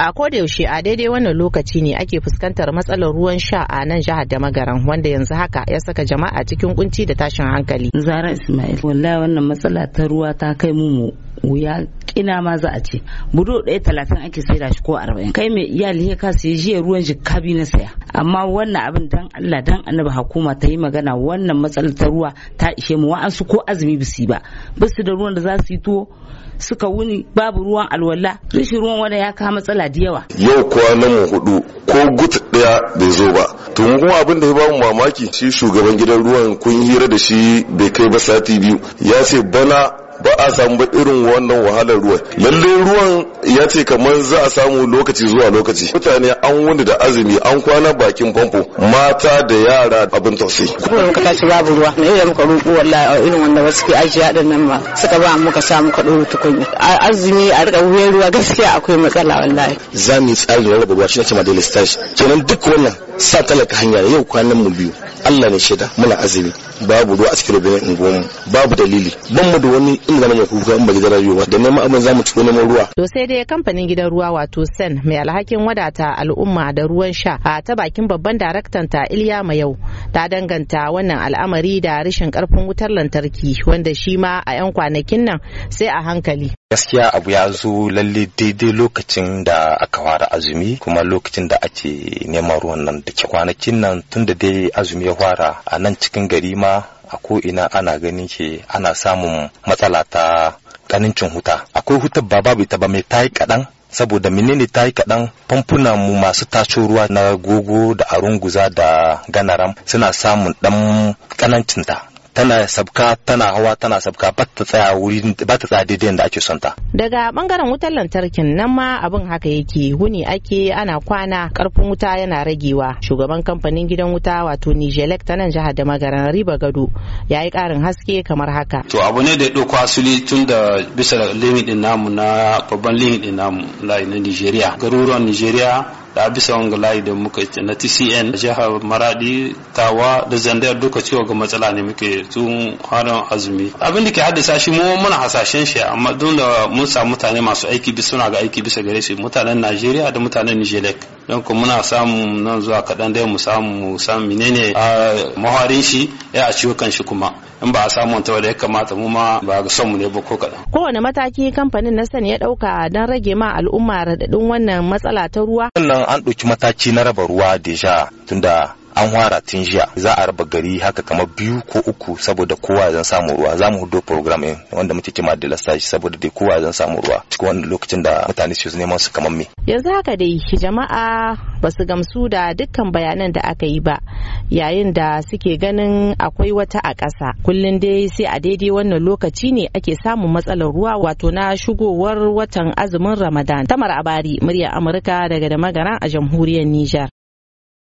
a ko da yaushe a daidai wannan lokaci ne ake fuskantar matsalar ruwan sha a nan jihar Damagaran wanda yanzu haka ya saka jama'a cikin kunci da tashin hankali zara ismail wallahi wannan matsala ta ruwa ta kai mu wuya kina ma za a ce budo ɗaya talatin ake saida shi ko arba'in kai mai iyali ya ka ya jiya ruwan jikka biyu na saya amma wannan abin dan Allah dan annabi hukuma ta yi magana wannan matsalar ta ruwa ta ishe mu wa'ansu ko azumi bisi ba basu da ruwan da za su yi tuwo suka wuni babu ruwan alwala rashin ruwan wanda ya kawo matsala da yawa yau kwanan mu hudu ko gut ɗaya bai zo ba to kuma abin da ya bamu mamaki shi shugaban gidan ruwan kun hira da shi bai kai ba sati biyu ya ce bana ba a samu ba irin wannan wahalar ruwa lalle ruwan ya ce kamar za a samu lokaci zuwa lokaci mutane an wuni da azumi an kwana bakin famfo mata da yara abin tausayi kuma muka tashi babu ruwa na iya muka roƙo wallahi irin wanda wasu ke ajiya haɗin nan ma suka ba mu ka samu ka ɗora tukunya azumi a riƙa wuyan ruwa gaskiya akwai matsala wallahi za mu yi tsari da rarraba ruwa shi nake ma daily stash kenan duk wannan sa talaka hanya yau kwanan mu biyu Allah ne shaida muna azumi babu ruwa a cikin rabin unguwar babu dalili ban mu da wani inda zamu kuka in ba gidan rayuwa da neman abin zamu ci neman ruwa to sai dai kamfanin gidan ruwa wato sen mai alhakin wadata al'umma da ruwan sha a ta bakin babban daraktan ta Iliya Mayau ta danganta wannan al'amari da rashin karfin wutar lantarki wanda shi ma a 'yan kwanakin nan sai a hankali gaskiya abu ya zo lalle daidai lokacin da aka fara azumi kuma lokacin da ake neman ruwan nan da ke kwanakin nan tun da dai azumi ya fara a nan cikin gari ma a ko'ina ana ganin ke ana samun matsala ta ƙanincin huta akwai hutar ba babu ita ba mai yi kaɗan saboda menene ta yi kaɗan famfunan mu masu taso ruwa na gogo da arunguza da ganaram suna samun ɗan ƙanancinta tana sabka tana hawa tana sabka ba ta tsaya wuri ba ta tsaya daidai da ake son ta daga bangaren wutar lantarkin nan ma abin haka yake wuni ake ana kwana karfin wuta yana ragewa shugaban kamfanin gidan wuta wato Nijelek ta nan jihar da magaran Riba Gado ya yi karin haske kamar haka to abu ne da ya ɗauko asali tun da bisa limit din namu na babban limit din namu na Nigeria garuruwan nijeriya. a bisa wanga layi da muka na TCN jihar Maradi Tawa da Zandar duka cewa ga matsala ne muke tun harin azumi abin da ke haddasa shi mu muna hasashen shi amma don da mun samu mutane masu aiki bisa suna ga aiki bisa gare shi mutanen Najeriya da mutanen Nijelek don kuma muna samu nan zuwa kaɗan dai mu samu mu samu menene a maharin shi ya a ciwo kan shi kuma in ba a samu wata da ya kamata mu ma ba ga son mu ne ba ko kaɗan. Kowane mataki kamfanin na sani ya ɗauka dan rage ma al'umma raɗaɗin wannan matsala ta ruwa. Wannan an ɗauki mataki na raba ruwa deja tunda an wara tun jiya za a raba gari haka kamar biyu ko uku saboda kowa zan samu ruwa za mu hudo program din wanda muke kima da lasashi saboda dai kowa zan samu ruwa cikin wani lokacin da mutane su neman su kamar me yanzu haka dai jama'a ba su gamsu da dukkan bayanan da aka yi ba yayin da suke ganin akwai wata a ƙasa kullum dai sai a daidai wannan lokaci ne ake samun matsalar ruwa wato na shigowar watan azumin ramadan tamar abari murya amurka daga da magana a jamhuriyar nijar